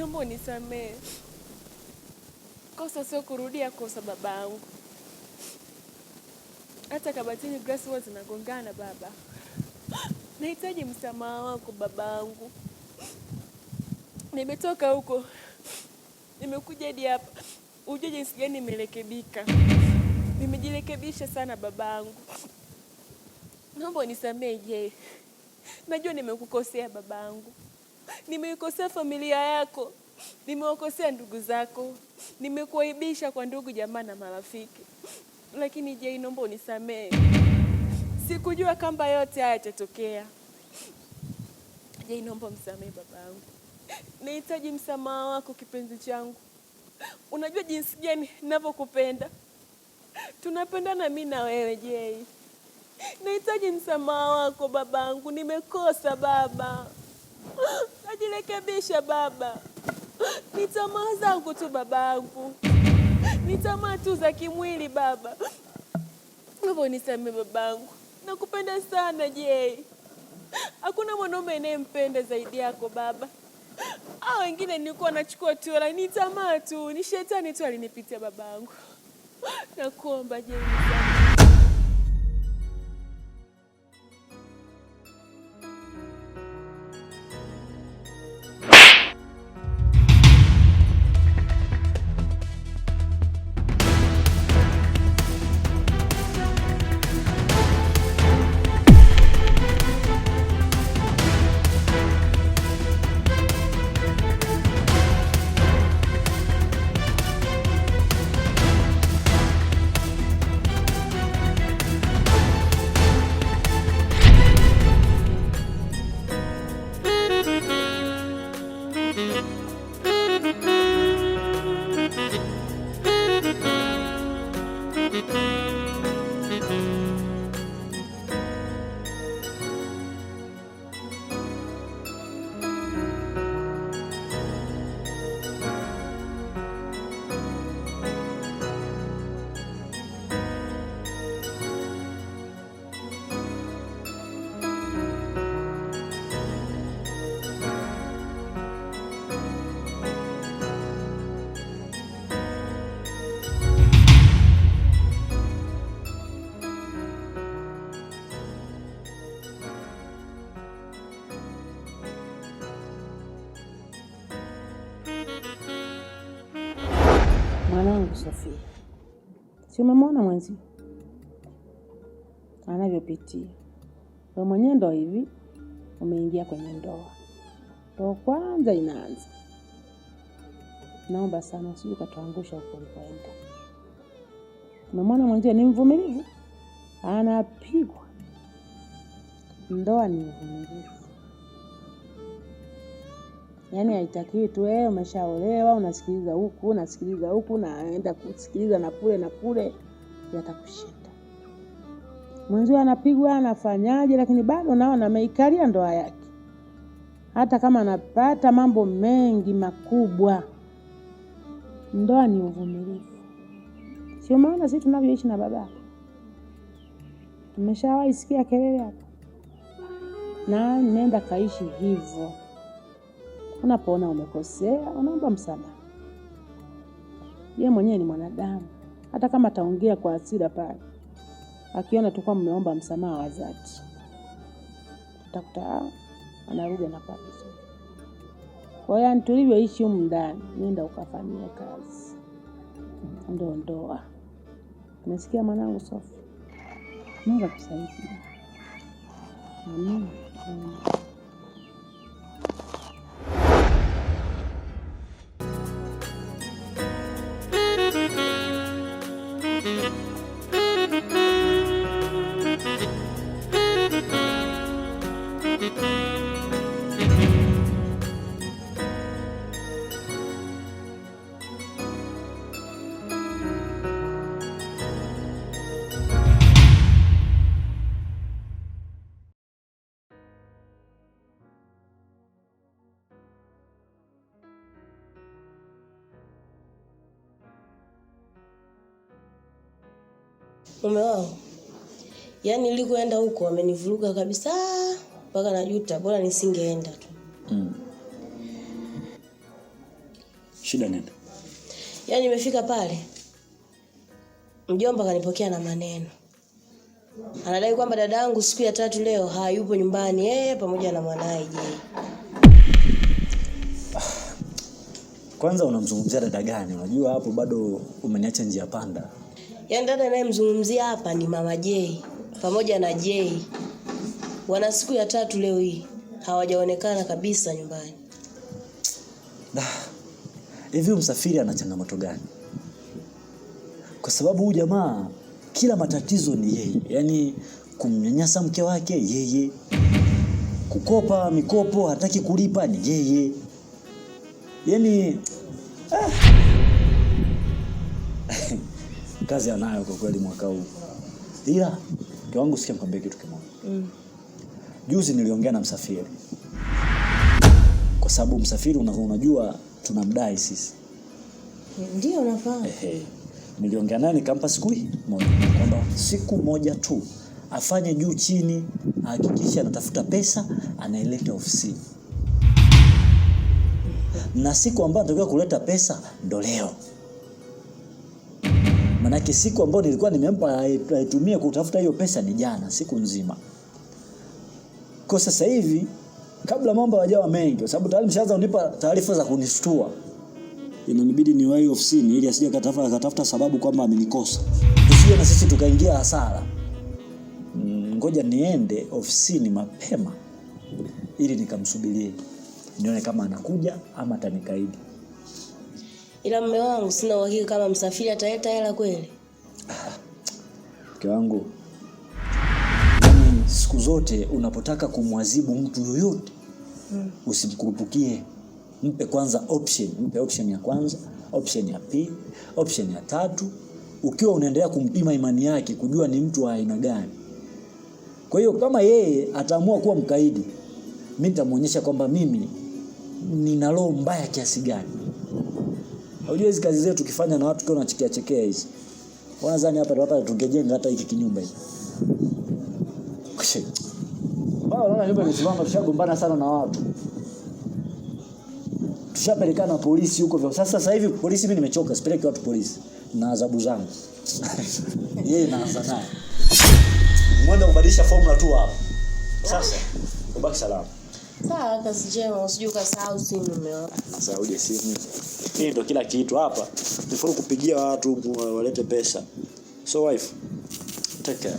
Naomba unisamehe, kosa sio kurudia kosa babangu. Hata kabatini glasi huwa zinagongana baba. Nahitaji msamaha wako babangu. Nimetoka huko nimekuja hadi hapa, ujue jinsi gani nimerekebika. Nimejirekebisha sana babangu, naomba unisamehe. Je, najua nimekukosea babangu nimeikosea familia yako, nimewakosea ndugu zako, nimekuaibisha kwa ndugu jamaa na marafiki, lakini je, naomba unisamehe. Sikujua kamba yote haya yatatokea. Je, naomba msamehe babangu, nahitaji msamaha wako kipenzi changu. Unajua jinsi gani ninavyokupenda, tunapendana mimi na wewe. jei nahitaji msamaha wako babangu, nimekosa baba Nitajirekebisha baba, ni tamaa zangu tu babangu, ni tamaa tu za kimwili baba. Hivyo niseme babangu, nakupenda sana Jei. Hakuna mwanaume anayempenda zaidi yako baba. Aa, wengine nilikuwa nachukua tu, ni tamaa tu, ni shetani tu alinipitia babangu. Nakuomba Jei. Si umemwona mwenzi anavyopitia wewe mwenye ndoa hivi umeingia kwenye ndoa, ndo kwanza inaanza. Naomba sana usije ukatuangusha huko ulipoenda. Umemwona mwenzie ni mvumilivu, anapigwa. Ndoa ni mvumilivu Yaani haitakiwi tu wewe eh, umeshaolewa unasikiliza huku unasikiliza huku naenda kusikiliza na kule na kule, yatakushinda. Mwenzio anapigwa anafanyaje, lakini bado naona ameikalia ndoa yake, hata kama anapata mambo mengi makubwa. Ndoa ni uvumilivu, sio maana sisi tunavyoishi na baba tumeshawahi sikia kelele hapa, na nenda kaishi hivyo Unapoona umekosea, unaomba msamaha. ye mwenyewe ni mwanadamu, hata kama ataongea kwa hasira pale, akiona tu kwamba mmeomba msamaha wa dhati, utakuta anarudi anakuwa vizuri. Kwa hiyo yani, tulivyoishi humu ndani, nenda ukafanyia kazi, ndo ndoa. Nasikia mwanangu Sofu, Mungu akusaidie. Amina. mume wangu. Yaani nilikoenda huko amenivuruga kabisa mpaka najuta, bora nisingeenda tu. Mm. Shida nini? Yaani nimefika pale mjomba kanipokea na maneno. Anadai kwamba dadangu siku ya tatu leo hayupo nyumbani yeye pamoja na mwanae je. Ah, kwanza unamzungumzia dada gani? Unajua hapo bado umeniacha njia panda. Yaani dada anayemzungumzia hapa ni mama J pamoja na J wana siku ya tatu leo hii hawajaonekana kabisa nyumbani. Hivi Msafiri ana changamoto gani? Kwa sababu huyu jamaa kila matatizo ni yeye, yaani kumnyanyasa mke wake yeye, kukopa mikopo hataki kulipa ni yeye, yaani ah. kazi anayo kwa kweli mwaka huu, ila kiwangu sikia, nikwambie kitu kimoja mm. Juzi niliongea na Msafiri kwa sababu Msafiri unajua tunamdai sisi, ndio unafahamu ehe. Niliongea naye nikampa siku moja kwamba siku moja tu afanye juu chini, ahakikishe anatafuta pesa anaileta ofisini mm. na siku ambayo anatakiwa kuleta pesa ndo leo. Manake siku ambayo nilikuwa nimempa aitumie kutafuta hiyo pesa ni jana, siku nzima. Kwa sasa hivi kabla mambo hayajawa mengi, kwa sababu tayari mshaanza kunipa taarifa za kunishtua, inanibidi niwahi ofisini ili asije akatafuta sababu kwamba amenikosa, tusije na sisi tukaingia hasara. Mm, ngoja niende ofisini mapema ili nikamsubirie nione kama anakuja ama atanikaidi. Ila mme wangu sina uhakika kama Msafiri ataleta hela kweli. Mke wangu, siku zote unapotaka kumwadhibu mtu yoyote hmm, usimkurupukie. Mpe kwanza option, mpe option ya kwanza, option ya pili, option ya tatu, ukiwa unaendelea kumpima imani yake kujua ni mtu wa aina gani. Kwa hiyo kama yeye ataamua kuwa mkaidi, mimi nitamwonyesha kwamba mimi nina roho mbaya kiasi gani. Unajua hizi kazi zetu tukifanya na watu kwa chekea chekea hizi. Wana zani hapa hapa tungejenga hata hiki kinyumba hiki. Wao wanaona nyumba imesimama tushagombana sana na watu. Tushapelekana polisi huko vyo. Sasa sasa hivi polisi mimi nimechoka, sipeleki watu polisi na adhabu zangu. Yeye na naye. Mwenda kubadilisha formula tu hapa. Sasa ubaki salama. Sawa, kazi njema, Usijuka kasahau simu umeona. Sawa, uje simu ndo kila kitu hapa. Nifuru kupigia watu walete pesa. So wife, take care.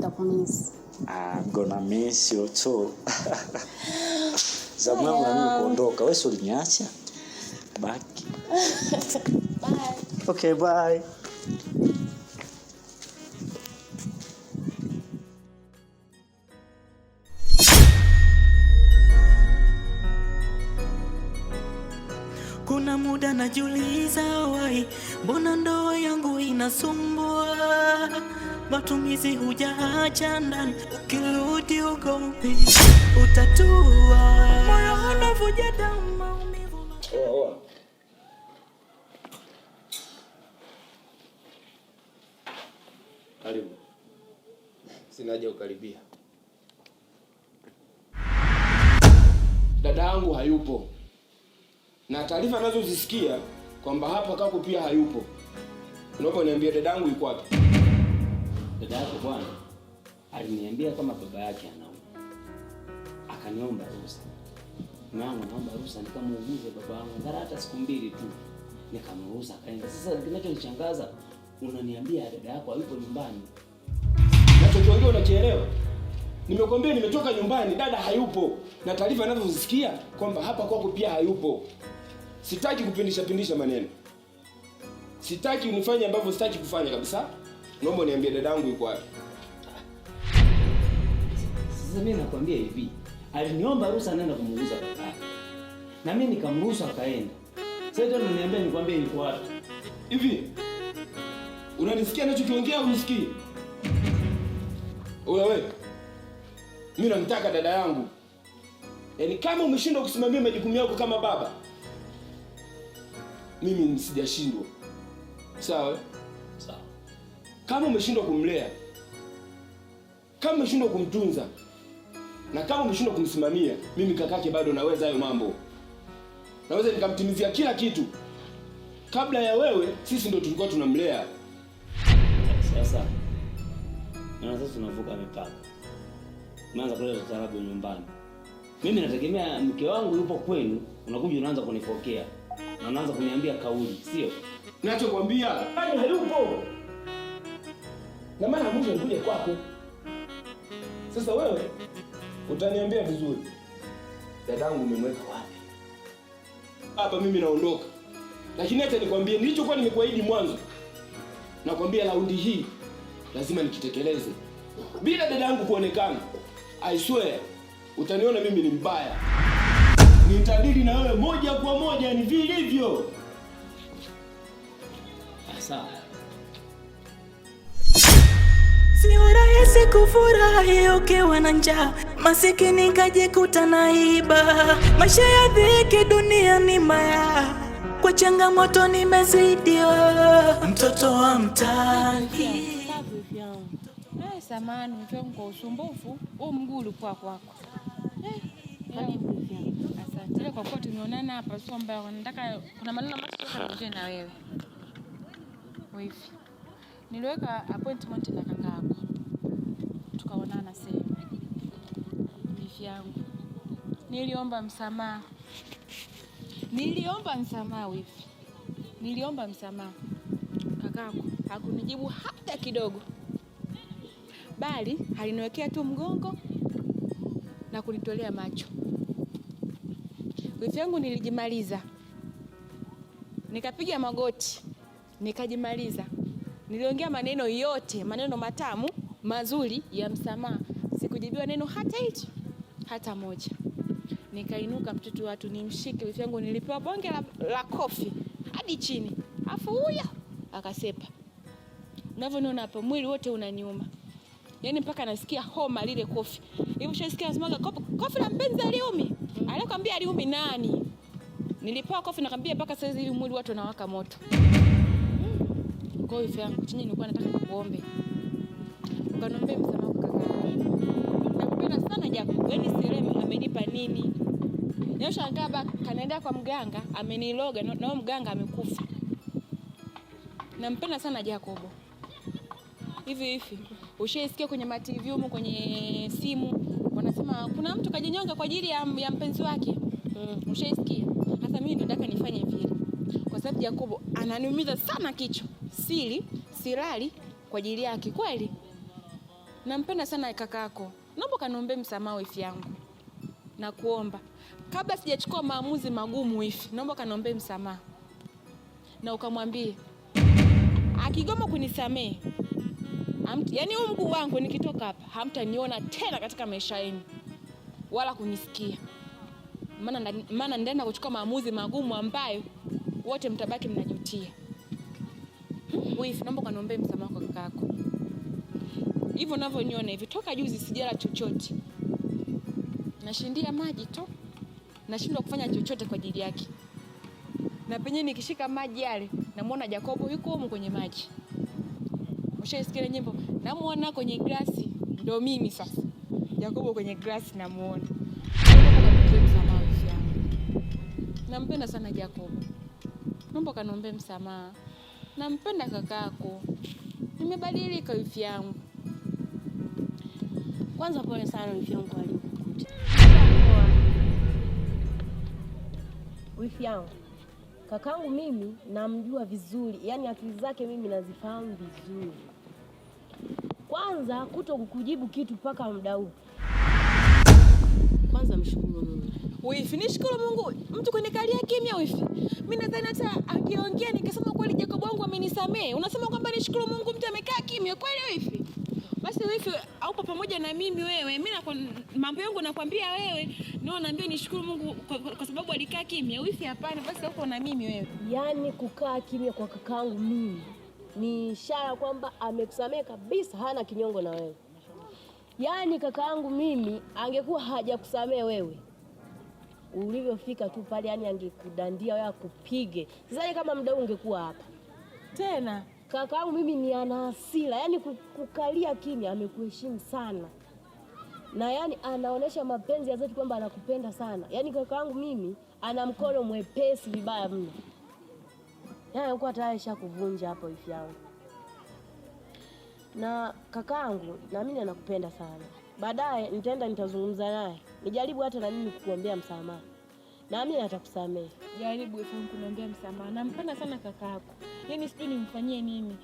Takumiss. I'm ah, gonna miss you too. Zamu yangu na mimi kuondoka. Wewe si uliniacha? Baki. Bye. Okay, bye. muda najiuliza, wai, mbona ndoa yangu inasumbua? Matumizi hujaacha ndani, ukirudi uko utatua, moyo unavuja damu, maumivu karibu sina haja ukaribia. Dada yangu hayupo na taarifa anazozisikia kwamba hapa Kaku pia hayupo. Naomba niambie dadangu yuko wapi? Dada yako bwana aliniambia kama baba yake anauma, akaniomba ruhusa. Mama, naomba ruhusa nikamuuguze baba yangu ngara hata siku mbili tu, nikamruhusa akaenda. Sasa kinachonichangaza unaniambia dada yako hayupo nyumbani, nachokiongea unachielewa? Nimekwambia nimetoka nyumbani, dada hayupo, na taarifa anazozisikia kwamba hapa kwako pia hayupo. Sitaki kupindisha pindisha maneno, sitaki unifanye ambavyo sitaki kufanya kabisa. Naomba niambie dadangu yuko wapi? Sasa mimi nakwambia hivi, aliniomba ruhusa anaenda kumuuliza baba na mimi nikamruhusu akaenda. Sasa ndio unaniambia nikwambie yuko wapi? Hivi unanisikia ninachokiongea au unisikii? Wewe mimi namtaka dada yangu, yaani kama umeshindwa kusimamia majukumu yako kama baba mimi nisijashindwa. Sawa sawa. Kama umeshindwa kumlea, kama umeshindwa kumtunza na kama umeshindwa kumsimamia, mimi kakake bado naweza hayo mambo, naweza nikamtimizia kila kitu. Kabla ya wewe, sisi ndo tulikuwa tunamlea. Sasa na sasa tunavuka mipaka, umeanza kuleta ustaarabu nyumbani. Mimi nategemea mke wangu yupo kwenu, unakuja unaanza kunipokea na unaanza kuniambia kauli, sio ninachokwambia. Bado hayupo na maana Mungu anakuja kwako. Sasa wewe utaniambia vizuri, dadangu umemweka wapi? Hapa mimi naondoka, lakini acha nikwambie nilichokuwa nimekuahidi mwanzo. Nakwambia raundi hii lazima nikitekeleze bila dadangu kuonekana. I swear utaniona mimi ni mbaya nitadili na wewe moja kwa moja, ni vilivyo sawa. Sio rahisi kufurahi ukiwa na njaa, masikini kajikuta naiba. Maisha ya dhiki, dunia ni maya, kwa changamoto nimezidiwa, mtoto wa mtaani. Eh, samani kwa usumbufu, huu mguu ulikuwa kwako. Eh, Ila kwa kuwa tumeonana hapa sio mbaya, nataka kuna maneno ambayo na wewe. Wifi. Niliweka appointment na kaka yako. Tukaonana sehemu. Wifi yangu. Niliomba msamaha. Niliomba msamaha wifi. Niliomba msamaha. Kakako hakunijibu hata kidogo, bali aliniwekea tu mgongo na kunitolea macho wifi yangu nilijimaliza, nikapiga magoti, nikajimaliza, niliongea maneno yote, maneno matamu mazuri ya msamaha, sikujibiwa neno hata hicho hata moja. Nikainuka mtoto watu nimshike wifi yangu, nilipewa bonge la, la kofi hadi chini, afu huyo akasepa. Unavyoniona hapo, mwili wote unaniuma, yaani mpaka nasikia homa lile kofi. Hivi ushasikia, nasemaga kofi la mpenzi aliumi Alikwambia aliumi nani? Nilipewa kofi nakwambia mpaka sasa hivi mwili watu wanawaka moto. Hmm. Kofi yangu chini nilikuwa nataka kuombe. Ukaniombe msamaha kwa kaka Nakupenda sana Jacob. wewe ni siremi amenipa nini? Leo shangaba kanaenda kwa mganga ameniloga na no, mganga amekufa. Nampenda sana Jacob. Hivi hivi. Ushaisikia kwenye ma TV huko kwenye simu wanasema kuna mtu kajinyonga kwa ajili ya, ya mpenzi wake mm. Ushaisikia? Sasa mimi nataka nifanye vile, kwa sababu Yakobo ananiumiza sana kichwa, sili silali kwa ajili yake. Kweli nampenda sana kakako, naomba kaniombe msamaha wifi yangu, nakuomba kabla sijachukua maamuzi magumu hivi, naomba kaniombe msamaha na ukamwambie akigoma kunisamehe hamki, yani huu mguu wangu nikitoka hapa hamtaniona tena katika maisha yenu wala kunisikia, maana maana ndaenda kuchukua maamuzi magumu ambayo wote mtabaki mnajutia. Hmm, wifi, naomba kaniombee msamaha kwa kakaako. Hivyo unavyoniona hivi, toka juzi sijala chochote, nashindia maji tu, nashindwa kufanya chochote kwa ajili yake, na penyewe nikishika maji yale namwona Jakobo yuko humu kwenye maji ukishaisikia ile nyimbo, namuona kwenye grasi ndo mimi sasa. Jacobo kwenye glasi namuona. Nampenda sana Jacobo, naomba kaniombee msamaha. Nampenda kakako, nimebadilika wifi yangu. Kwanza pole sana wifi yangu kwa Wifi yangu kakangu mimi namjua vizuri, yaani akili zake mimi nazifahamu vizuri kwanza kuto kukujibu kitu mpaka muda huu. Kwanza mshukuru Mungu. Wifi, nishukuru Mungu. Mtu kwenye kali ya kimya wifi. Mimi nadhani hata akiongea nikasema kweli Jacob wangu amenisamee. Unasema kwamba nishukuru Mungu mtu amekaa kimya kweli wifi? Basi wifi, haupo pamoja na mimi wewe. Mimi na mambo yangu nakwambia wewe. Nao naambia nishukuru Mungu kwa, kwa kwa sababu alikaa kimya. Wifi, hapana, basi huko na mimi wewe. Yaani kukaa kimya kwa kakaangu mimi ni ishara kwamba amekusamehe kabisa, hana kinyongo na wewe. Yaani kakaangu mimi angekuwa hajakusamehe wewe ulivyofika tu pale, yani angekudandia wewe akupige. Sidhani kama mdau ungekuwa hapa tena. Kakaangu mimi ni ana hasira, yani kukalia kimya. Amekuheshimu sana na yani anaonesha mapenzi ya dhati kwamba anakupenda sana. Yani kakaangu mimi ana mkono mwepesi vibaya mno yaani alikuwa tayari shakuvunja hapo ifi yangu. Na kakaangu naamini anakupenda sana. Baadaye nitaenda nitazungumza naye, nijaribu hata na mimi kukuombea msamaha, naamini atakusamehe. Jaribu Efraim kuniambia msamaha, nampenda sana kaka yako, yaani sijui nimfanyie nini.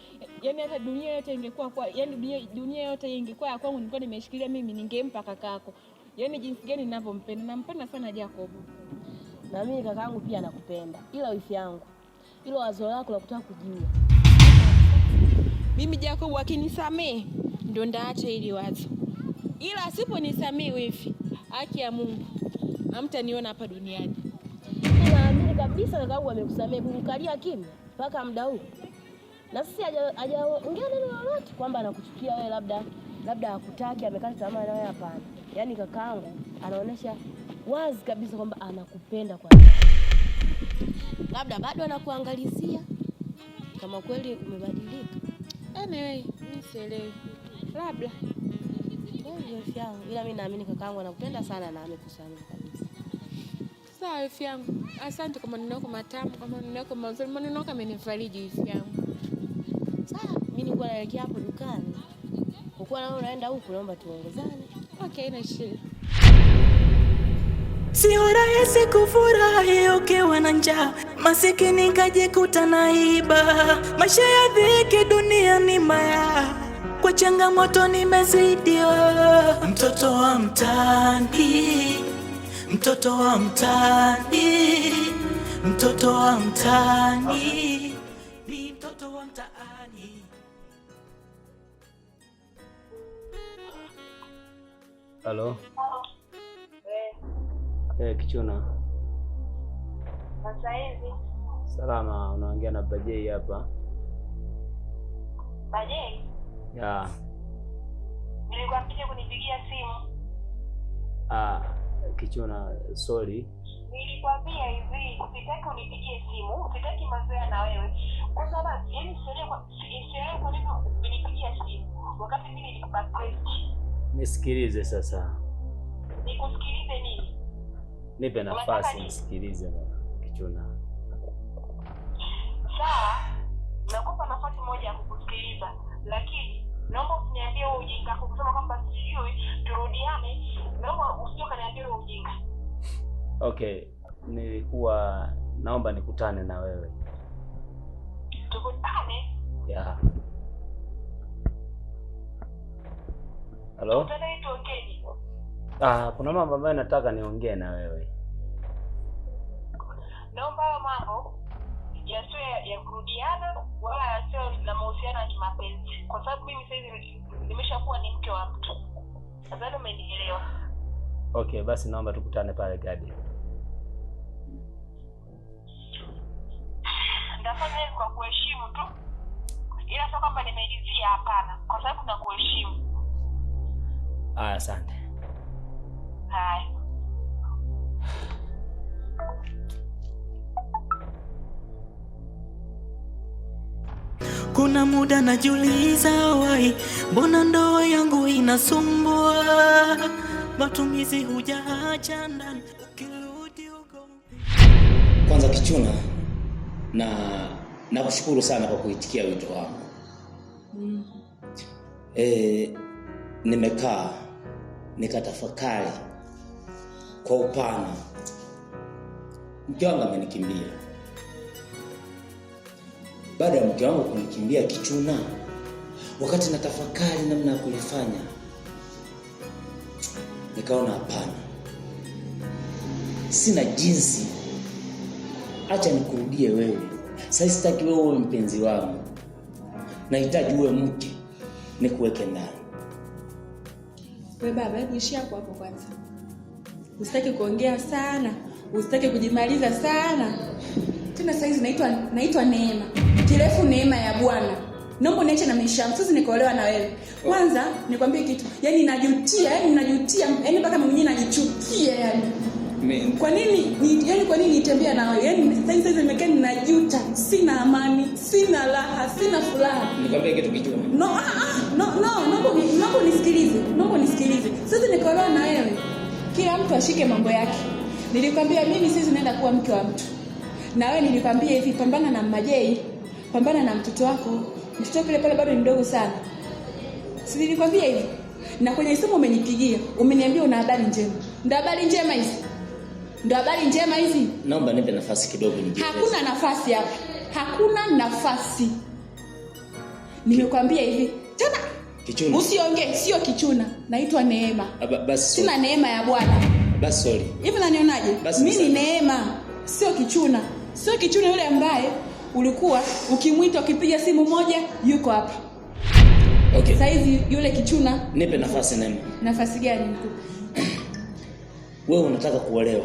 Yaani hata dunia yote ingekuwa kwa, yaani dunia, yote ingekuwa ya kwangu, nilikuwa nimeshikilia mimi, ningempa kaka yako. Yaani jinsi gani ninavyompenda, nampenda sana Jacob. Na mimi kakaangu pia nakupenda, ila wifi yangu hilo wazo lako la kutaka kujiua. Mimi Jacob akinisamee ndo ndaacha hili wazo, ila asiponisamee wifi, haki ya Mungu hamtaniona hapa duniani. Naamini kabisa kakaangu amekusamee, kumkalia kimya mpaka muda huu na sisi hajaongea neno lolote kwamba anakuchukia wewe, labda labda hakutaki, amekata tamaa na wewe. Hapana, yaani kakaangu anaonyesha wazi kabisa kwamba anakupenda kwa labda bado anakuangalizia kama kweli umebadilika. Anyway, msielewi labda yangu, ila mi naamini kakaangu anakupenda sana na amekusamehe kabisa. Sawa ifi yangu, asante kwa maneno yako matamu, kwa maneno yako mazuri, maneno yako amenifariji ifi yangu. Sawa, mi nilikuwa naelekea hapo dukani, ukuwa nao unaenda huku, naomba tuongezane. Okay, na shida Sio rahisi kufurahi ukiwa na njaa, masikini kajikuta iba. Maisha ya dhiki dunia ni maya, kwa changamoto nimezidiwa. Mtoto wa mtaani, mtoto wa mtaani, mtoto wa mtaani ni mtoto wa mtaani. Halo. Eh, Kichuna. Sasa hivi. Salama, unaongea na Bajei hapa. Bajei? Ya. Nilikuwa mpige kunipigia simu. Ah, Kichuna, sorry. Nilikwambia hivi, sitaki unipigie simu, sitaki mazoea na wewe. Kwa sababu yani sherehe kwa sherehe kwa nini unipigia simu wakati mimi nilikupa Nisikilize sasa. Nikusikilize nini? Nipe nafasi nisikilize Kichuna. Sawa, nakupa nafasi moja ya kukusikiliza, lakini naomba usiniambie wewe ujinga kusema kwamba sijui turudiane. Naomba usio kaniambie wewe ujinga. Okay, nilikuwa naomba nikutane na wewe. Tukutane? Yeah. Halo? Ah, kuna mambo ambayo nataka niongee na wewe. Naomba hayo mambo yasio ya kurudiana wala sio na mahusiano ya kimapenzi, kwa sababu mimi saizi nimeshakuwa ni mke wa mtu. Nadhani umenielewa. Okay, basi naomba tukutane pale gadi. Ndafanya hivi kwa kuheshimu tu, ila sio kwamba nimeridhia, hapana, kwa sababu nakuheshimu. Aya, asante. Kuna muda najiuliza, wai, mbona ndoa yangu inasumbua, matumizi hujaacha ndani, ukirudi uko Kwanza Kichuna, na nakushukuru sana kwa kuitikia wito wangu. Mm. E, nimekaa nikatafakari kwa upana. Mke wangu amenikimbia baada ya mke wangu kunikimbia kichuna, wakati natafakari namna ya kulifanya, nikaona hapana, sina jinsi, acha nikurudie wewe. Sasa sitaki wewe uwe mpenzi wangu, nahitaji uwe mke nikuweke ndani. We baba, ishia hapo hapo kwanza, usitaki kuongea sana, usitaki kujimaliza sana tena. Saizi naitwa naitwa Neema kirefu neema ya Bwana. Naomba niache na maisha yangu. Sasa nikaolewa na wewe. Kwanza nikwambie kitu. Yaani najutia, yaani najutia, yaani mpaka mimi mwenyewe najichukia yani Amen. Kwa nini ni, yaani kwa nini nitembea na wewe? Yaani sasa hizi nimekaa ninajuta, sina amani, sina raha, sina furaha. Nikwambie kitu kichwa. No, ah, ah, no, no, naomba naomba nisikilize Naomba nisikilize Sasa nikaolewa na wewe. Kila mtu ashike mambo yake. Nilikwambia mimi sisi naenda kuwa mke wa mtu. Na wewe nilikwambia hivi pambana na Majei pambana na mtoto wako. Mtoto wako pale bado ni mdogo sana, si nilikwambia hivi? Na kwenye simu umenipigia, umeniambia una habari njema. Ndio habari njema hizi? Ndio habari njema hizi? Naomba nipe nafasi kidogo nijieleze. Hakuna nafasi hapa, hakuna nafasi. Nimekwambia hivi tena, kichuna usiongee, sio kichuna. Naitwa Neema. Ah, basi sina neema ya Bwana. Basi sorry, hivi nanionaje mimi? Ni neema, sio kichuna, sio kichuna yule ambaye ulikuwa ukimwita ukipiga simu moja yuko hapa. Okay. Sasa hivi yule kichuna, nipe nafasi Neema. Nafasi gani mkuu? Wewe unataka kuolewa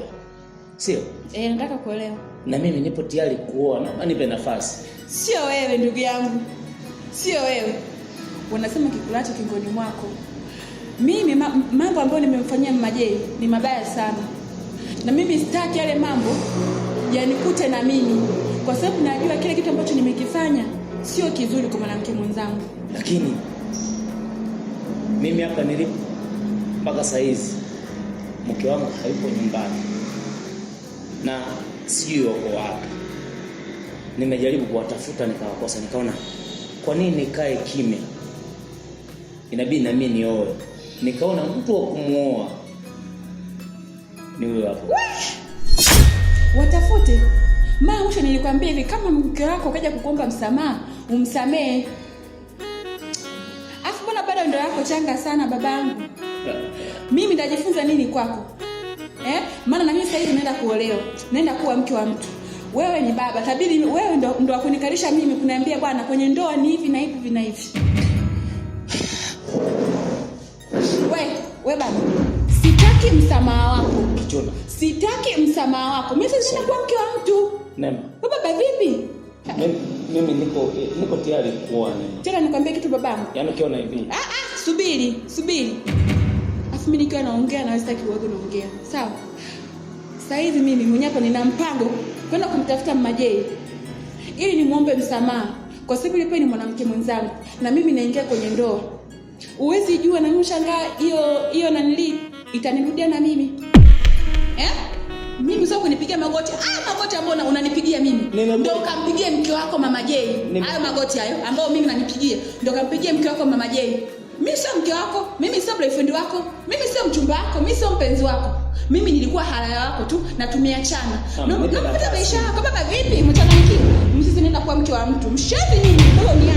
sio? Eh, nataka kuolewa na mimi nipo tayari kuoa, naomba nipe nafasi. Sio wewe ndugu yangu, sio wewe. Wanasema kikulacho kingoni mwako. Mimi mambo ambayo nimemfanyia Mama ni mabaya sana, na mimi sitaki yale mambo yanikute na mimi kwa sababu najua kile kitu ambacho nimekifanya sio kizuri kwa mwanamke mwenzangu. Lakini mimi hapa nilipo mpaka sahizi hizi mke wangu hayupo nyumbani na sijui wako wapi. Nimejaribu kuwatafuta nikawakosa, nikaona kwa nini nikae kimya, inabidi na mimi nioe. Nikaona mtu wa kumwoa ni huyo hapo, watafute maa mwisho nilikwambia hivi, kama mke wako kaja kukuomba msamaha, umsamehe. Afu mbona bado ndo yako changa sana babangu? Mimi nitajifunza nini kwako? Eh? Maana na mimi sasa hivi naenda kuolewa, naenda kuwa mke wa mtu. Wewe ni baba, tabidi wewe ndo ndo akunikalisha mimi kuniambia bwana kwenye ndoa ni hivi na hivi na hivi. We, we baba. Sitaki msamaha wako. Sitaki msamaha wako. Mimi sasa ninakuwa mke wa mtu. Neema. Baba vipi? Mimi niko eh, niko tayari kuoa Neema. Tena nikwambia kitu babangu. Yaani ukiona hivi. Ah ah, subiri, subiri. Afu mimi nikiwa naongea na sitaki wewe unaongea. Sawa. Sasa hivi mimi mwenyewe hapa nina mpango kwenda kumtafuta Mmajei ili nimwombe msamaha kwa sababu yeye ni mwanamke mwenzangu na mimi naingia kwenye ndoa. Uwezi jua na mshangaa hiyo hiyo nanili itanirudia na mimi mimi sio kunipigia magoti. Ah, magoti ambayo unanipigia mimi ndio ukampigie mke wako mama Jay. Hayo magoti hayo ambayo mimi nanipigia ndio ukampigie mke wako mama Jay. Mimi sio mke wako, mimi sio boyfriend wako, mimi sio mchumba wako, mimi sio mpenzi wako. Mimi nilikuwa haraya wako tu na tumeachana. Ndio ndio maisha yako baba vipi? Mchangamkie. Msisi nenda kuwa mke wa mtu. Mshafi nini? Ndio ni